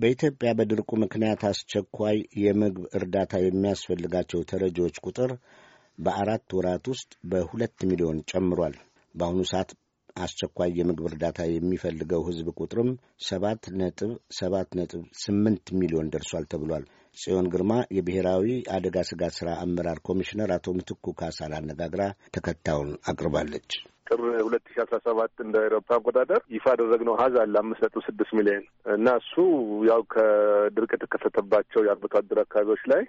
በኢትዮጵያ በድርቁ ምክንያት አስቸኳይ የምግብ እርዳታ የሚያስፈልጋቸው ተረጂዎች ቁጥር በአራት ወራት ውስጥ በሁለት ሚሊዮን ጨምሯል። በአሁኑ ሰዓት አስቸኳይ የምግብ እርዳታ የሚፈልገው ሕዝብ ቁጥርም ሰባት ነጥብ ሰባት ነጥብ ስምንት ሚሊዮን ደርሷል ተብሏል። ጽዮን ግርማ የብሔራዊ አደጋ ስጋት ሥራ አመራር ኮሚሽነር አቶ ምትኩ ካሳን አነጋግራ ተከታዩን አቅርባለች። ጥር ሁለት ሺ አስራ ሰባት እንደ አውሮፓ አቆጣጠር ይፋ ያደረግነው ሀዝ አለ አምስት ነጥብ ስድስት ሚሊዮን እና እሱ ያው ከድርቅ የተከሰተባቸው የአርብቶ አደር አካባቢዎች ላይ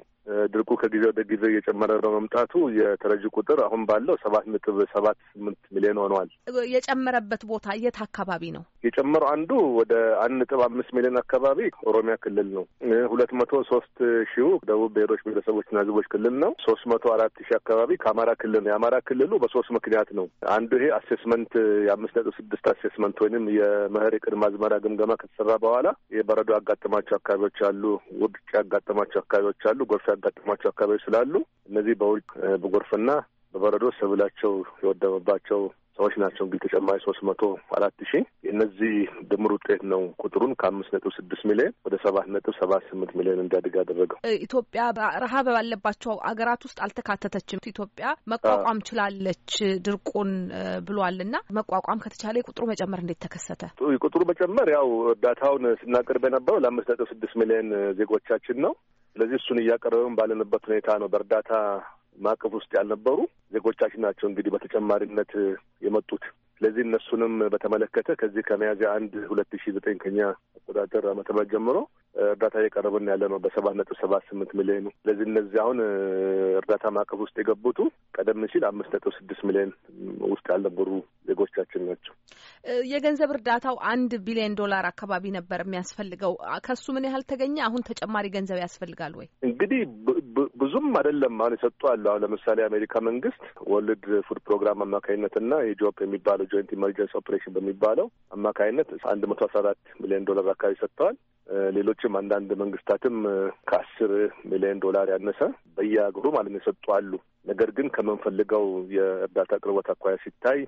ድርቁ ከጊዜ ወደ ጊዜ እየጨመረ በመምጣቱ የተረጂ ቁጥር አሁን ባለው ሰባት ነጥብ ሰባት ስምንት ሚሊዮን ሆነዋል። የጨመረበት ቦታ የት አካባቢ ነው የጨመረው? አንዱ ወደ አንድ ነጥብ አምስት ሚሊዮን አካባቢ ኦሮሚያ ክልል ነው። ሁለት መቶ ሶስት ሺው ደቡብ ብሔሮች ብሔረሰቦችና ህዝቦች ክልል ነው። ሶስት መቶ አራት ሺህ አካባቢ ከአማራ ክልል ነው። የአማራ ክልሉ በሶስት ምክንያት ነው። አንዱ ይሄ አሴስመንት የአምስት ነጥብ ስድስት አሴስመንት ወይንም የመኸር የቅድመ አዝመራ ግምገማ ከተሰራ በኋላ የበረዶ ያጋጠማቸው አካባቢዎች አሉ፣ ውድቅ ያጋጠማቸው አካባቢዎች አሉ፣ ጎርፍ ያጋጠማቸው አካባቢዎች ስላሉ እነዚህ በውድቅ በጎርፍና በበረዶ ሰብላቸው የወደመባቸው ሰዎች ናቸው። እንግዲህ ተጨማሪ ሶስት መቶ አራት ሺህ የእነዚህ ድምር ውጤት ነው ቁጥሩን ከአምስት ነጥብ ስድስት ሚሊዮን ወደ ሰባት ነጥብ ሰባት ስምንት ሚሊዮን እንዲያድግ ያደረገው። ኢትዮጵያ ረሀብ ባለባቸው አገራት ውስጥ አልተካተተችም። ኢትዮጵያ መቋቋም ችላለች ድርቁን ብሏል እና መቋቋም ከተቻለ የቁጥሩ መጨመር እንዴት ተከሰተ? የቁጥሩ መጨመር ያው እርዳታውን ስናቀርብ የነበረው ለአምስት ነጥብ ስድስት ሚሊዮን ዜጎቻችን ነው። ስለዚህ እሱን እያቀረበን ባለንበት ሁኔታ ነው በእርዳታ ማዕቀፍ ውስጥ ያልነበሩ ዜጎቻችን ናቸው እንግዲህ በተጨማሪነት የመጡት። ስለዚህ እነሱንም በተመለከተ ከዚህ ከሚያዝያ አንድ ሁለት ሺ ዘጠኝ ከኛ አቆጣጠር አመተ ምህረት ጀምሮ እርዳታ እየቀረበን ያለ ነው በሰባት ነጥብ ሰባት ስምንት ሚሊዮን ስለዚህ እነዚህ አሁን እርዳታ ማዕቀፍ ውስጥ የገቡቱ ቀደም ሲል አምስት ነጥብ ስድስት ሚሊዮን ውስጥ ያልነበሩ ዜጎቻችን ናቸው። የገንዘብ እርዳታው አንድ ቢሊዮን ዶላር አካባቢ ነበር የሚያስፈልገው። ከሱ ምን ያህል ተገኘ? አሁን ተጨማሪ ገንዘብ ያስፈልጋል ወይ? እንግዲህ ብዙም አይደለም። አሁን የሰጡ አለ። አሁን ለምሳሌ የአሜሪካ መንግስት ወርልድ ፉድ ፕሮግራም አማካኝነትና የጆፕ የሚባለው ጆይንት ኢመርጀንስ ኦፕሬሽን በሚባለው አማካኝነት አንድ መቶ አስራ አራት ሚሊዮን ዶላር አካባቢ ሰጥተዋል። ሌሎችም አንዳንድ መንግስታትም ከአስር ሚሊዮን ዶላር ያነሰ በየሀገሩ ማለት ነው የሰጡ አሉ። ነገር ግን ከምንፈልገው የእርዳታ አቅርቦት አኳያ ሲታይ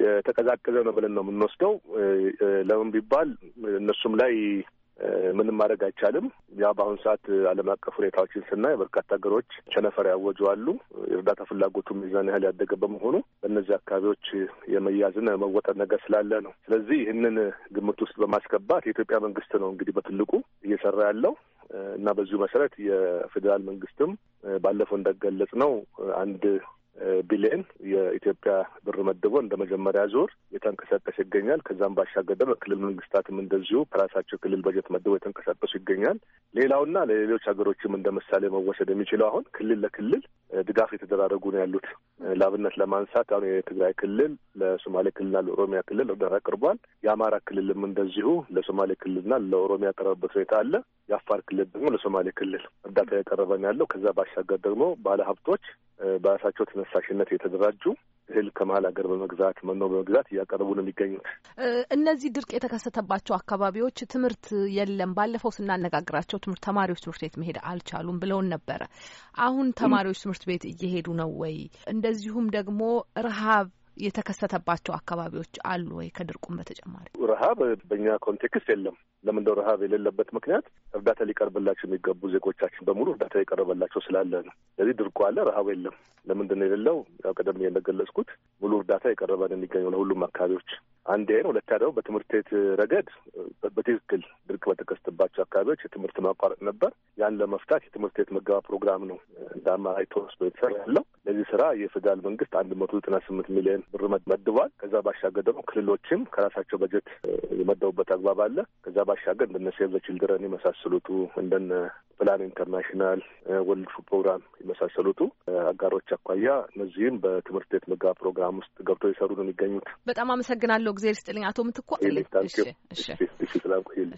የተቀዛቀዘ ነው ብለን ነው የምንወስደው። ለምን ቢባል እነሱም ላይ ምንም ማድረግ አይቻልም። ያ በአሁኑ ሰዓት ዓለም አቀፍ ሁኔታዎችን ስናይ በርካታ ሀገሮች ቸነፈር ያወጁ አሉ። የእርዳታ ፍላጎቱ ሚዛን ያህል ያደገ በመሆኑ በእነዚህ አካባቢዎች የመያዝና የመወጠር ነገር ስላለ ነው። ስለዚህ ይህንን ግምት ውስጥ በማስገባት የኢትዮጵያ መንግስት ነው እንግዲህ በትልቁ እየሰራ ያለው እና በዚሁ መሰረት የፌዴራል መንግስትም ባለፈው እንደገለጽ ነው አንድ ቢሊየን የኢትዮጵያ ብር መድቦ እንደ መጀመሪያ ዙር የተንቀሳቀስ ይገኛል። ከዛም ባሻገር በክልል መንግስታትም እንደዚሁ ከራሳቸው ክልል በጀት መድቦ የተንቀሳቀሱ ይገኛል። ሌላውና ለሌሎች ሀገሮችም እንደ ምሳሌ መወሰድ የሚችለው አሁን ክልል ለክልል ድጋፍ የተደራረጉ ነው ያሉት ለአብነት ለማንሳት አሁን የትግራይ ክልል ለሶማሌ ክልልና ለኦሮሚያ ክልል እርዳታ አቅርቧል። የአማራ ክልልም እንደዚሁ ለሶማሌ ክልልና ለኦሮሚያ ያቀረበበት ሁኔታ አለ። የአፋር ክልል ደግሞ ለሶማሌ ክልል እርዳታ ያቀረበ ነው ያለው። ከዛ ባሻገር ደግሞ ባለሀብቶች በራሳቸው ተነሳሽነት የተደራጁ እህል ከመሀል ሀገር በመግዛት መኖ በመግዛት እያቀረቡ ነው የሚገኙት። እነዚህ ድርቅ የተከሰተባቸው አካባቢዎች ትምህርት የለም። ባለፈው ስናነጋግራቸው ትምህርት ተማሪዎች ትምህርት ቤት መሄድ አልቻሉም ብለውን ነበረ። አሁን ተማሪዎች ትምህርት ቤት እየሄዱ ነው ወይ? እንደ እንደዚሁም ደግሞ ረሃብ የተከሰተባቸው አካባቢዎች አሉ ወይ? ከድርቁም በተጨማሪ ረሃብ በእኛ ኮንቴክስት የለም። ለምንደው ረሃብ የሌለበት ምክንያት እርዳታ ሊቀርብላቸው የሚገቡ ዜጎቻችን በሙሉ እርዳታ የቀረበላቸው ስላለ ነው። ስለዚህ ድርቁ አለ፣ ረሀብ የለም። ለምንድን ነው የሌለው? ያው ቀደም እንደገለጽኩት ሙሉ እርዳታ የቀረበ ነው የሚገኘው ለሁሉም አካባቢዎች። አንድ ይሄ ነው። ሁለታ ደግሞ በትምህርት ቤት ረገድ በትክክል ድርቅ በተከሰተባቸው አካባቢዎች የትምህርት ማቋረጥ ነበር። ያን ለመፍታት የትምህርት ቤት መገባ ፕሮግራም ነው እንደ አማራጭ ተወስዶ የተሰራ ያለው። ለዚህ ስራ የፌዴራል መንግስት አንድ መቶ ዘጠና ስምንት ሚሊዮን ብር መድቧል። ከዛ ባሻገር ደግሞ ክልሎችም ከራሳቸው በጀት የመደቡበት አግባብ አለ። ከዛ ባሻገር እንደነ ሴቭ ዘ ችልድረን የመሳሰሉ የመሳሰሉቱ እንደነ ፕላን ኢንተርናሽናል፣ ወርልድ ፉድ ፕሮግራም የመሳሰሉቱ አጋሮች አኳያ እነዚህም በትምህርት ቤት ምገባ ፕሮግራም ውስጥ ገብቶ የሰሩ ነው የሚገኙት። በጣም አመሰግናለሁ። እግዜር ስጥልኝ አቶ ምትኳ ስላቆይልኝ